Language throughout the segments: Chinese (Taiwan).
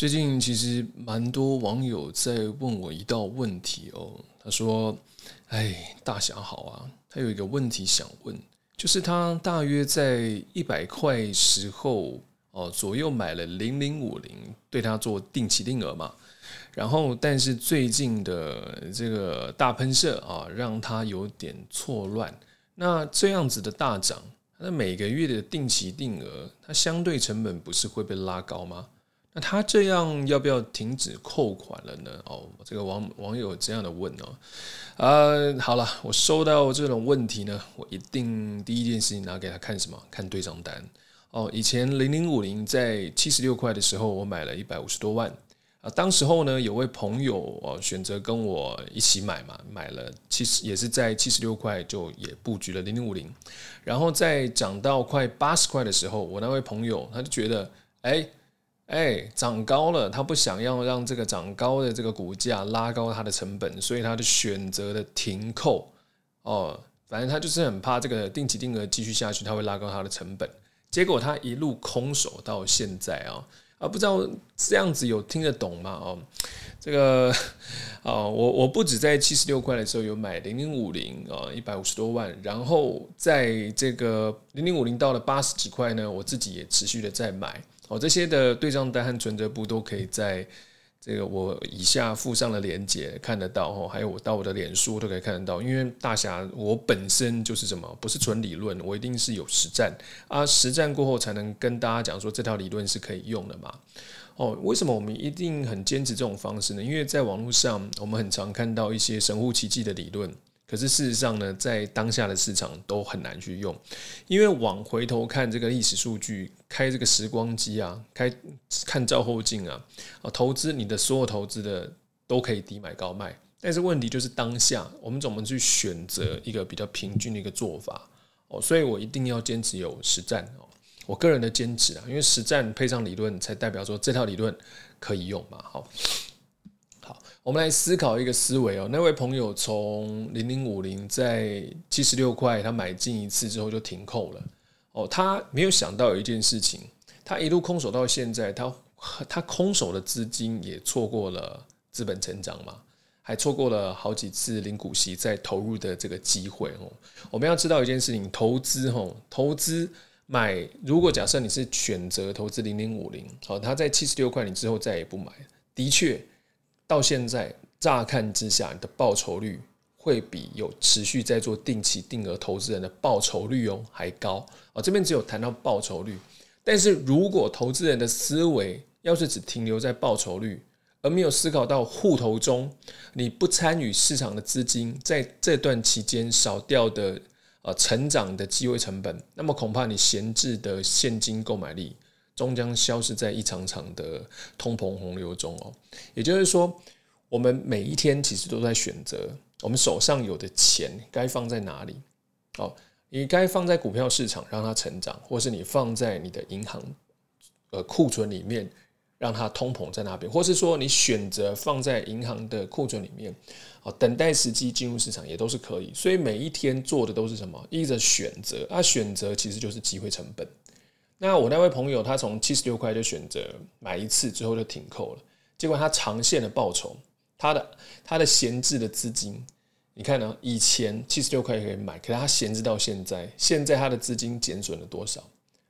最近其實蠻多網友在問我一道問題哦，他說：“哎，大俠好啊，他有一個問題想問，就是他大約在一百塊時候哦左右買了零零五零，對他做定期定額嘛。然後，但是最近的這個大噴射啊，讓他有點錯亂。那這樣子的大漲，那每個月的定期定額，它相對成本不是會被拉高嗎？”那他這樣要不要停止扣款了呢？哦，這個網網友這樣的問哦，呃，好了，我收到這種問題呢，我一定第一件事情拿給他看什麼？看對賬單哦。以前零零五零在七十六塊的時候，我買了一百五十多萬啊。當時候呢，有位朋友哦，選擇跟我一起買嘛，買了七十也是在七十六塊就也布局了零零五零，然後在漲到快八十塊的時候，我那位朋友他就覺得哎。欸哎，漲高了，他不想要讓這個漲高的這個股價拉高它的成本，所以他就選擇了停扣哦，反正他就是很怕這個定期定額繼續下去，他會拉高它的成本。結果他一路空手到現在啊。啊，不知道這樣子有聽得懂嗎？哦，這個，啊、哦，我我不止在七十六塊的時候有買零零五零，哦，一百五十多萬，然後在這個零零五零到了八十幾塊呢，我自己也持續的在買，哦，這些的對賬單和存折簿都可以在。這個我以下附上的連結，看得到吼，還有我到我的臉書都可以看得到。因為大俠我本身就是什麼，不是純理論，我一定是有實戰啊，實戰過後才能跟大家講說這條理論是可以用的嘛。哦，為什麼我們一定很堅持這種方式呢？因為在網絡上，我們很常看到一些神乎其技的理論。可是事實上呢，在當下的市場都很難去用，因為往回頭看這個歷史數據，開這個時光機啊，開看照後鏡啊，啊，投資你的所有投資的都可以低買高賣，但是問題就是當下我們怎麼去選擇一個比較平均的一個做法？哦，所以我一定要堅持有實戰哦，我個人的堅持啊，因為實戰配上理論，才代表說這套理論可以用嘛，好。我們來思考一個思維哦、喔，那位朋友從零零五零在七十六塊，他買進一次之後就停扣了哦、喔，他沒有想到有一件事情，他一路空手到現在，他他空手的資金也錯過了資本成長嘛，還錯過了好幾次領股息再投入的這個機會哦、喔。我們要知道一件事情，投資哦、喔，投資買，如果假設你是選擇投資零零五零，好，他在七十六塊，你之後再也不買，的確。到現在，乍看之下，你的報酬率會比有持續在做定期定額投資人的報酬率哦還高啊！這邊只有談到報酬率，但是如果投資人的思維要是只停留在報酬率，而沒有思考到戶頭中你不參與市場的資金在這段期間少掉的成長的機會成本，那麼恐怕你閒置的現金購買力。終將消失在一場場的通膨洪流中哦、喔。也就是說，我們每一天其實都在選擇，我們手上有的錢該放在哪裡？哦，你該放在股票市場讓它成長，或是你放在你的銀行呃庫存裡面讓它通膨在那邊，或是說你選擇放在銀行的庫存裡面啊，等待時機進入市場也都是可以。所以每一天做的都是什麼？一個選擇，啊，選擇其實就是機會成本。那我那位朋友，他從七十六塊就選擇買一次，之後就停扣了。結果他長線的報酬，他的他的閒置的資金，你看呢？以前七十六塊可以買，可是他閒置到現在，現在他的資金減損了多少？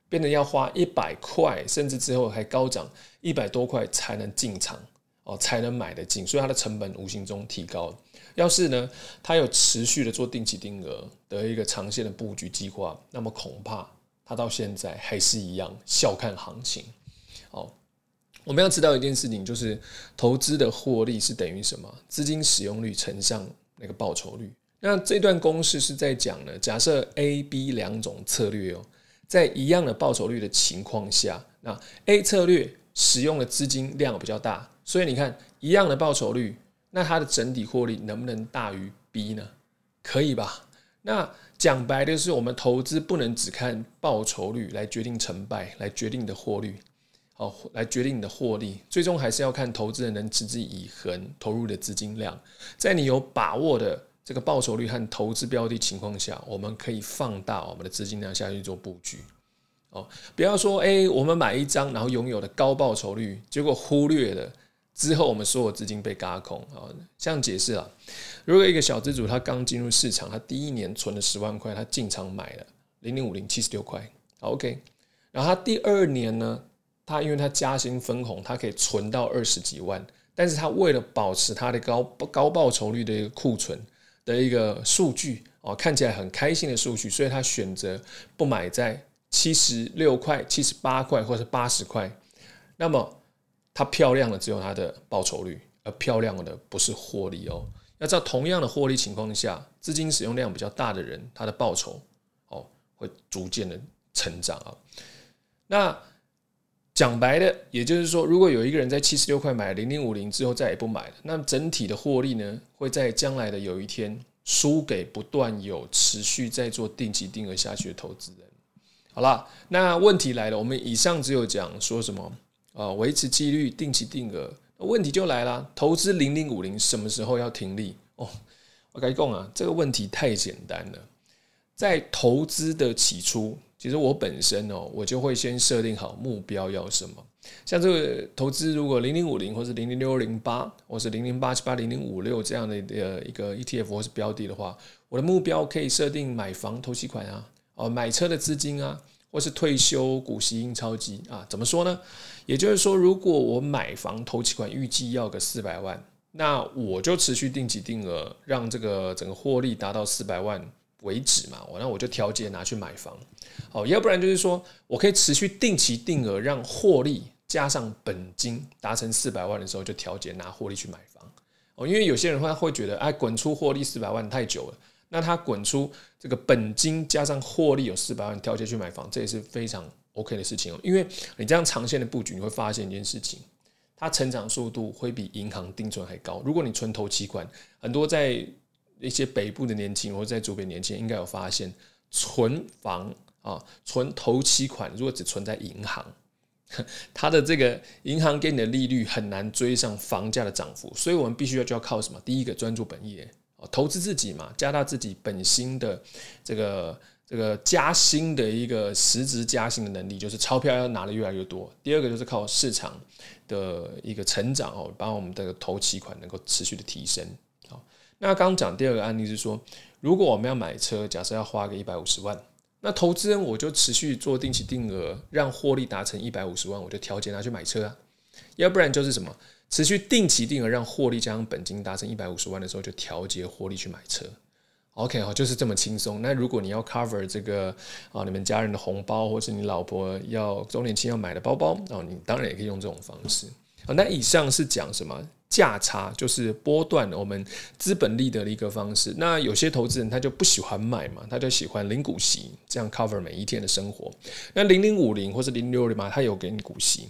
變得要花一百塊，甚至之後還高漲一百多塊才能進場哦，才能買得進。所以他的成本無形中提高。要是呢，他有持續的做定期定額的一個長線的布局計劃，那麼恐怕。他到現在還是一樣笑看行情。哦，我們要知道一件事情，就是投資的獲利是等於什麼？資金使用率乘上那個報酬率。那這段公式是在講的，假設 A、B 兩種策略哦、喔，在一樣的報酬率的情況下，那 A 策略使用的資金量比較大，所以你看一樣的報酬率，那它的整體獲利能不能大於 B 呢？可以吧？那講白的是，我們投資不能只看報酬率來決定成敗，來決定你的獲利，好，來決定你的獲利，最終還是要看投資人能持之以恆投入的資金量，在你有把握的這個報酬率和投資標的情況下，我們可以放大我們的資金量下去做布局。哦，不要說誒我們買一張然後擁有的高報酬率，結果忽略了。之後，我們所有資金被嘎空啊！好，這樣解釋啊，如果一個小資族他剛進入市場，他第一年存了十萬塊，他進場買了零零五零七十六塊，好 OK。然後他第二年呢，他因為他加薪分紅，他可以存到二十幾萬，但是他為了保持他的高高報酬率的一個庫存的一個數據啊，看起來很開心的數據，所以他選擇不買在七十六塊、七十八塊或者八十塊，那麼。它漂亮的只有它的報酬率；而漂亮的不是獲利哦、喔。要知道同樣的獲利情況下，資金使用量比較大的人，他的報酬哦、喔、會逐漸的成長啊、喔。那講白的，也就是說，如果有一個人在七十六塊買零零五零之後再也不買了，那整體的獲利呢，會在將來的有一天輸給不斷有持續在做定期定額下去的投資人。好了，那問題來了，我們以上只有講說什麼？啊，維持紀律，定期定額。問題就來了，投資零零五零什麼時候要停利？哦，我跟你說啊，這個問題太簡單了。在投資的起初，其實我本身哦、喔，我就會先設定好目標要什麼。像這個投資，如果零零五零，或是零零六零八，或是零零八七八零零五六這樣的一個一個 ETF 或是標的的話，我的目標可以設定買房、頭期款啊，哦，買車的資金啊。或是退休、股息印超級、印鈔機啊，怎麼說呢？也就是說，如果我買房、頭期款預計要個四百萬，那我就持續定期定額，讓這個整個獲利達到四百萬為止嘛。我，那我就調節拿去買房。哦，要不然就是說我可以持續定期定額，讓獲利加上本金達成四百萬的時候，就調節拿獲利去買房。哦，因為有些人會會覺得，哎、啊，滾出獲利四百萬太久了。那他滾出這個本金加上獲利有四百萬，跳進去買房，這也是非常 OK 的事情哦、喔。因為你這樣長線的布局，你會發現一件事情，它成長速度會比銀行定存還高。如果你存頭期款，很多在一些北部的年輕，或者在主北年輕，應該有發現，存房啊，存頭期款，如果只存在銀行，它的這個銀行給你的利率很難追上房價的漲幅，所以我們必須要就要靠什麼？第一個專注本業。投資自己嘛，加大自己本薪的這個這個加薪的一個實質加薪的能力，就是鈔票要拿的越來越多。第二個就是靠市場的一個成長哦，把我們的頭期款能夠持續的提升。好，那剛講第二個案例是說，如果我們要買車，假設要花個一百五十萬，那投資人我就持續做定期定額，讓獲利達成一百五十萬，我就調節他去買車啊。要不然就是什麼？持續定期定額，讓獲利加上本金達成一百五十萬的時候，就調節獲利去買車。OK 好，就是這麼輕鬆。那如果你要 cover 這個啊，你們家人的紅包，或是你老婆要週年慶要買的包包，哦，你當然也可以用這種方式。那以上是講什麼價差，就是波段我們資本利得的一個方式。那有些投資人他就不喜歡買嘛，他就喜歡領股息，這樣 cover 每一天的生活。那零零五零或是零六零嘛，他有給你股息。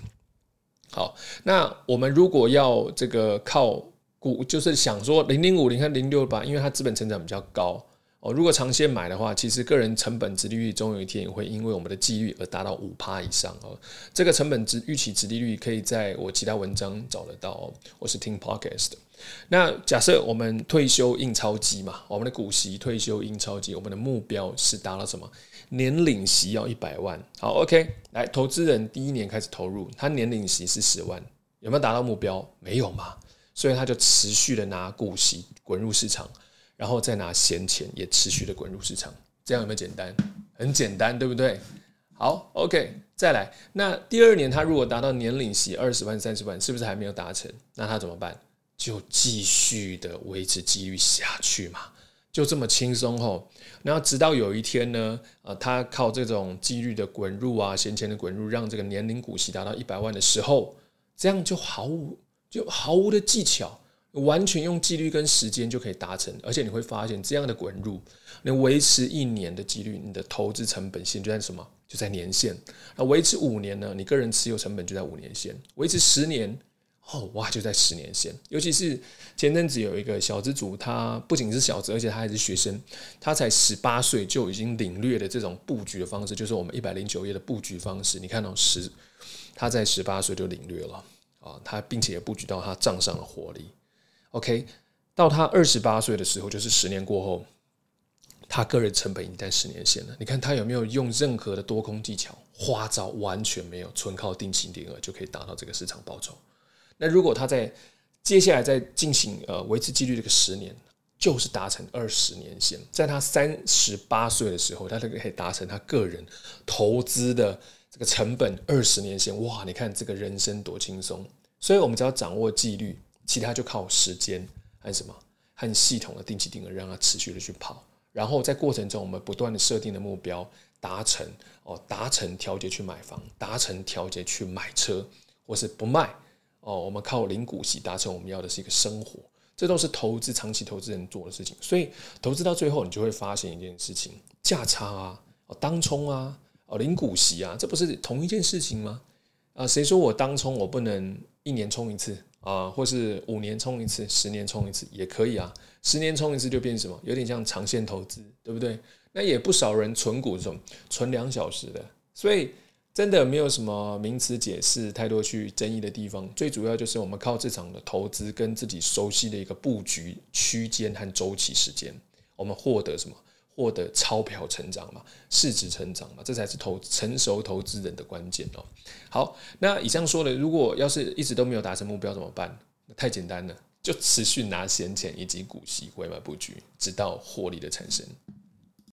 好，那我們如果要這個靠股，就是想說零零五零和零六八，因為它資本成長比較高。哦，如果長線買的話，其實個人成本殖利率終有一天會因為我們的紀律而達到五趴以上喔。這個成本值預期殖利率可以在我其他文章找得到喔。我是聽 podcast 的。那假設我們退休印鈔機嘛，我們的股息退休印鈔機，我們的目標是達到什麼？年領息要一百萬。好，OK，來，投資人第一年開始投入，他年領息是十萬，有沒有達到目標？沒有嘛，所以他就持續的拿股息滾入市場。然後再拿閒錢也持續的滾入市場，這樣有沒有簡單？很簡單，對不對？好，OK，再來。那第二年他如果達到年領息二十萬、三十萬，是不是還沒有達成？那他怎麼辦？就繼續的維持紀律下去嘛，就這麼輕鬆吼。然後直到有一天呢，呃，他靠這種紀律的滾入啊，閒錢的滾入，讓這個年領股息達到一百萬的時候，這樣就毫無就毫無的技巧。完全用紀律跟時間就可以達成，而且你會發現這樣的滾入，你維持一年的紀律，你的投資成本線就在什麼？就在年限。那維持五年呢？你個人持有成本就在五年線。維持十年，哦哇，就在十年線。尤其是前陣子有一個小資族，他不僅是小資，而且他還是學生，他才十八歲就已經領略了這種布局的方式，就是我們一百零九頁的布局方式。你看到、哦、十，他在十八歲就領略了啊，他並且也布局到他賬上的獲利。OK，到他二十八歲的時候，就是十年過後，他個人成本已經在十年線了。你看他有沒有用任何的多空技巧、花招？完全沒有，純靠定期定額就可以達到這個市場報酬。那如果他在接下來再進行呃維持紀律這個十年，就是達成二十年線。在他三十八歲的時候，他就可以達成他個人投資的這個成本二十年線。哇，你看這個人生多輕鬆！所以，我們只要掌握紀律。其他就靠時間還是什麼很系統的定期定額讓它持續的去跑，然後在過程中我們不斷的設定的目標達成哦，達成條件，去買房，達成條件，去買車，或是不賣哦，我們靠零股息達成我們要的是一個生活，這都是投資長期投資人做的事情。所以投資到最後，你就會發現一件事情：價差啊，哦，當沖啊，哦，零股息啊，這不是同一件事情嗎？啊，誰說我當沖我不能一年沖一次？啊、呃，或是五年衝一次，十年衝一次也可以啊。十年衝一次就變什麼？有點像長線投資，對不對？那也不少人存股什麼，存兩小時的。所以真的沒有什麼名詞解釋，太多去爭議的地方。最主要就是我們靠市場的投資跟自己熟悉的一個布局區間和周期時間，我們獲得什麼？獲得鈔票成長嘛，市值成長嘛，這才是投成熟投資人的關鍵哦、喔。好，那以上說的，如果要是一直都沒有達成目標怎麼辦？太簡單了，就持續拿閒錢以及股息回買布局，直到獲利的產生。